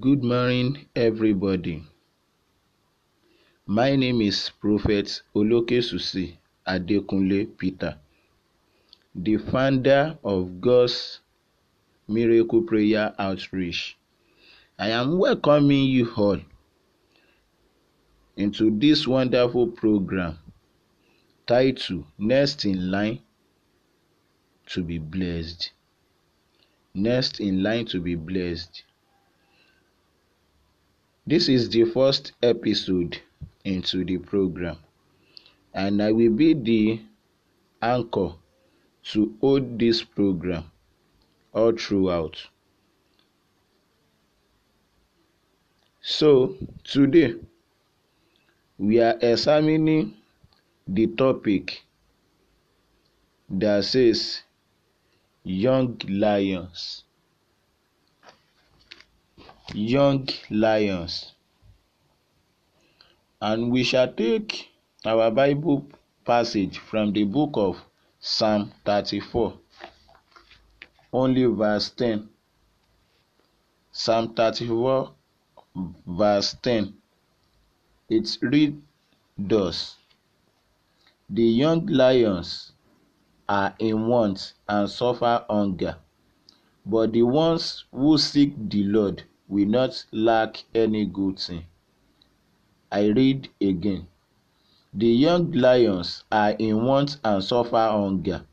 Good morning, everybody. My name is Prophet Olokesusi Adekunle Peter, the founder of God's Miracle Prayer Outreach. I am welcoming you all into this wonderful program titled Next in Line to be Blessed. Next in Line to be Blessed. This is the first episode into the program, and I will be the anchor to hold this program all throughout. So, today we are examining the topic that says Young Lions. young lions. And we shall take our Bible passage from the book of Psalm 34, only verse 10. Psalm 34, verse 10. It reads thus The young lions are in want and suffer hunger, but the ones who seek the Lord will not lack any good thing. I read again. The young lions are in want and suffer hunger,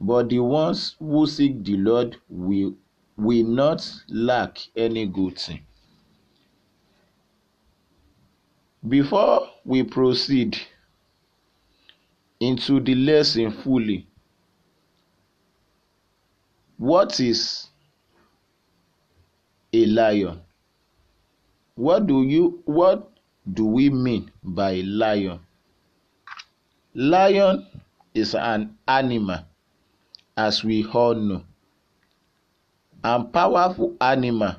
but the ones who seek the Lord will, will not lack any good thing. Before we proceed into the lesson fully, what is a lion? What do you what do we mean by lion? Lion is an animal as we all know a powerful animal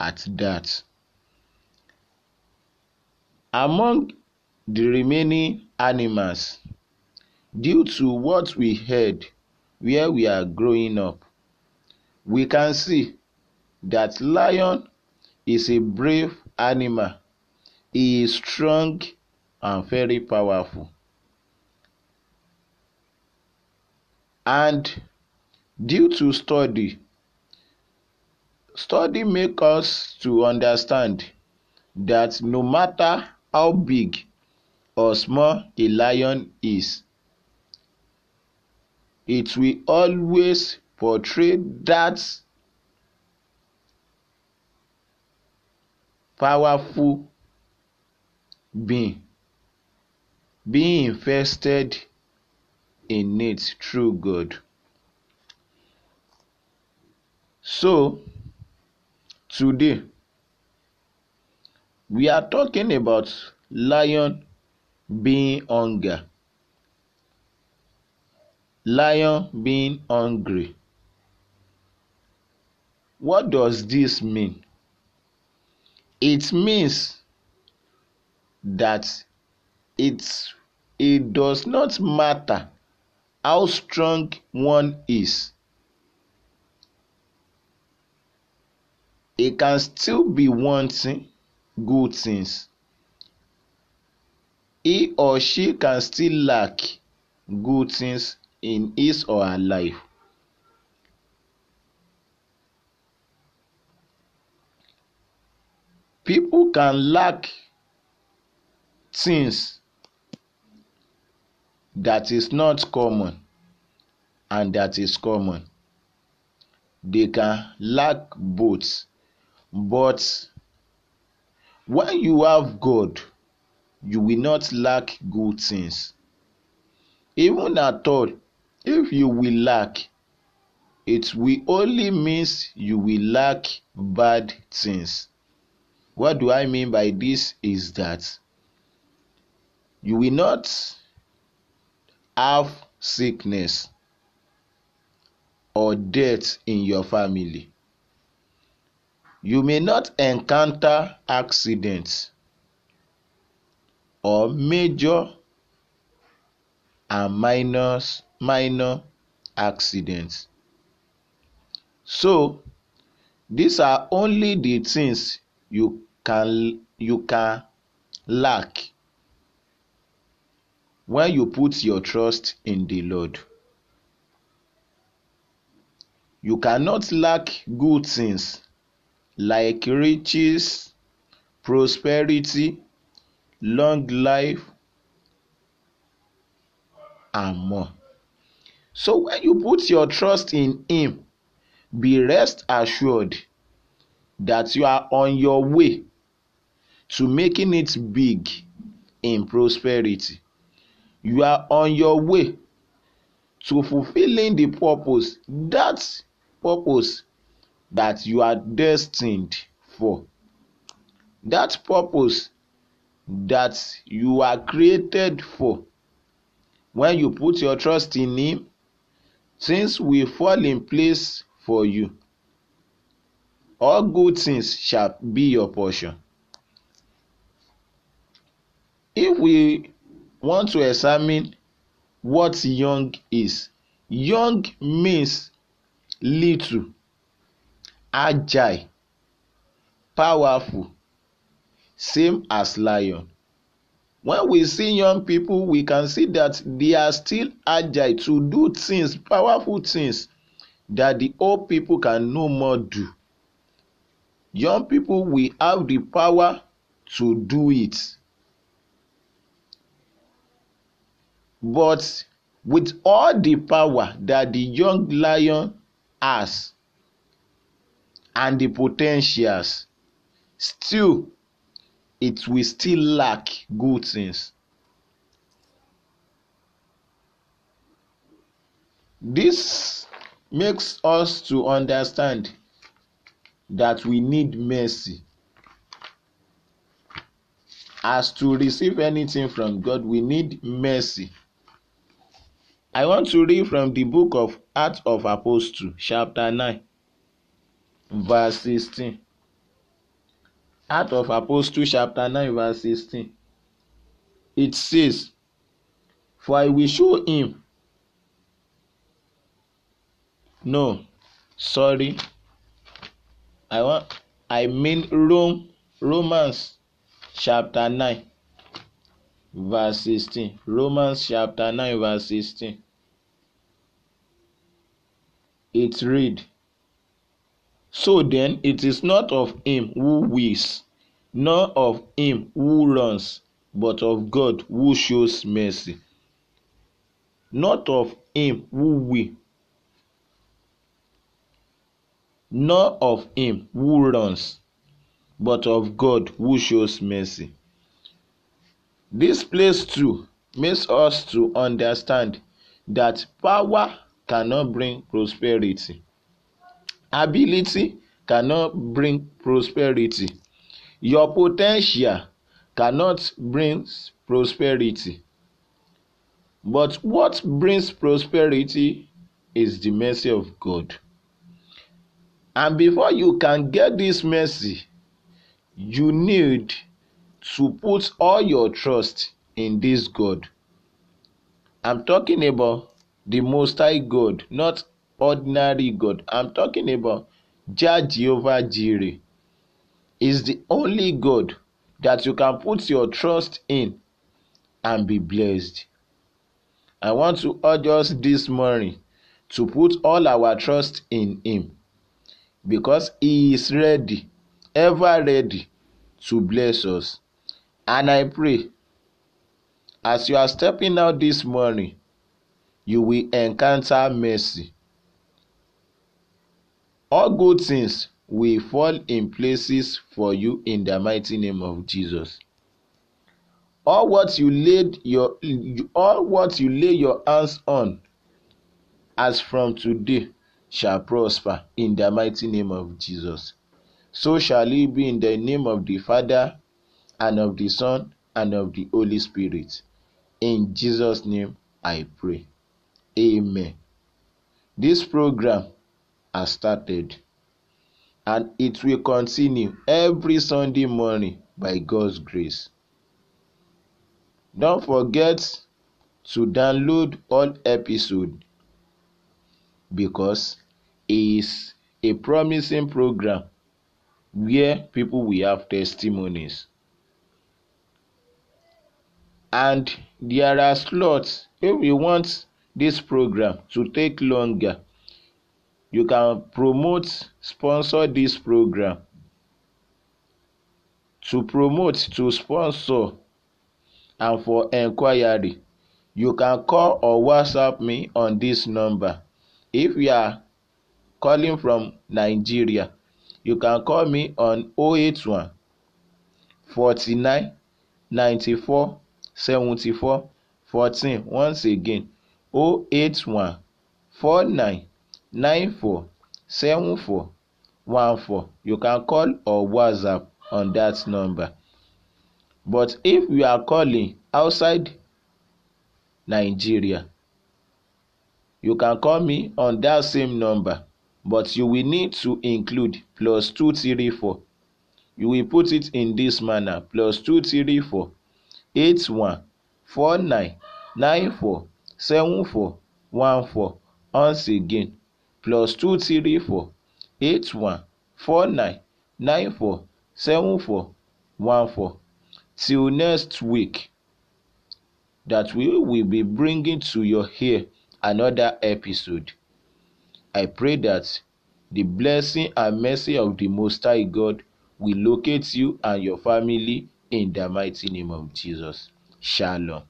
at that. Among the remaining animals due to what we heard where we are growing up we can see that lion is a brave animal. He is strong and very powerful. And due to study, study make us to understand that no matter how big or small a lion is, it will always portray that powerful being being invested in it through God. So, today we are talking about lion being hunger. Lion being hungry. What does this mean? It means that it's it does not matter how strong one is, he can still be wanting good things. He or she can still lack good things in his or her life. People can lack things that is not common and that is common. They can lack both. But when you have God, you will not lack good things. Even at all, if you will lack, it will only means you will lack bad things. What do I mean by this is that you will not have sickness or death in your family. You may not encounter accidents or major and minors, minor accidents. So, these are only the things you can lack when you put your trust in the Lord. You cannot lack good things like riches, prosperity, long life, and more. So when you put your trust in Him, be rest assured that you are on your way to making it big in prosperity, you are on your way to fulfilling the purpose that purpose that you are destined for. That purpose that you are created for. When you put your trust in Him, things will fall in place for you. All good things shall be your portion. If we want to examine what young is, young means little, agile, powerful, same as lion. When we see young people, we can see that they are still agile to do things, powerful things that the old people can no more do. Young people we have the power to do it. But with all the power that the young lion has and the potentials, still it will still lack good things. This makes us to understand that we need mercy. As to receive anything from God, we need mercy. I want to read from the book of Acts of Apostles, chapter 9, verse 16. Acts of Apostles, chapter 9, verse 16. It says, For I will show him. No, sorry. I want I mean Rome Romans chapter 9 verse 16. Romans chapter 9 verse 16. It read, So then it is not of him who wills, nor of him who runs, but of God who shows mercy. Not of him who will, nor of him who runs, but of God who shows mercy. This place too makes us to understand that power cannot bring prosperity. Ability cannot bring prosperity. Your potential cannot bring prosperity. But what brings prosperity is the mercy of God. And before you can get this mercy, you need to put all your trust in this God. I'm talking about the Most High God, not ordinary God. I'm talking about Jah Jehovah Jireh is the only God that you can put your trust in and be blessed. I want to urge us this morning to put all our trust in Him because He is ready, ever ready to bless us. And I pray as you are stepping out this morning, you will encounter mercy. All good things will fall in places for you in the mighty name of Jesus. All what you laid your all what you lay your hands on as from today shall prosper in the mighty name of Jesus. So shall it be in the name of the Father and of the Son and of the Holy Spirit. In Jesus' name I pray. Amen. This program has started and it will continue every Sunday morning by God's grace. Don't forget to download all episode because it is a promising program where people will have testimonies. And there are slots if you want this program to take longer, you can promote sponsor this program. To promote to sponsor and for inquiry, you can call or WhatsApp me on this number. If you are calling from Nigeria, you can call me on 081 49 94 74 14. Once again, O oh eight one four nine nine four seven four one four you can call or whatsapp on that number but if you are calling outside nigeria you can call me on that same number but you will need to include plus two three four you will put it in this manner plus two three four eight one four nine nine four seven four one four once again plus two three four eight one four nine nine four seven four one four till next week that we will be bringing to your ear another episode. I pray that the blessing and mercy of the Most High God will locate you and your family in the mighty name of Jesus. Shalom.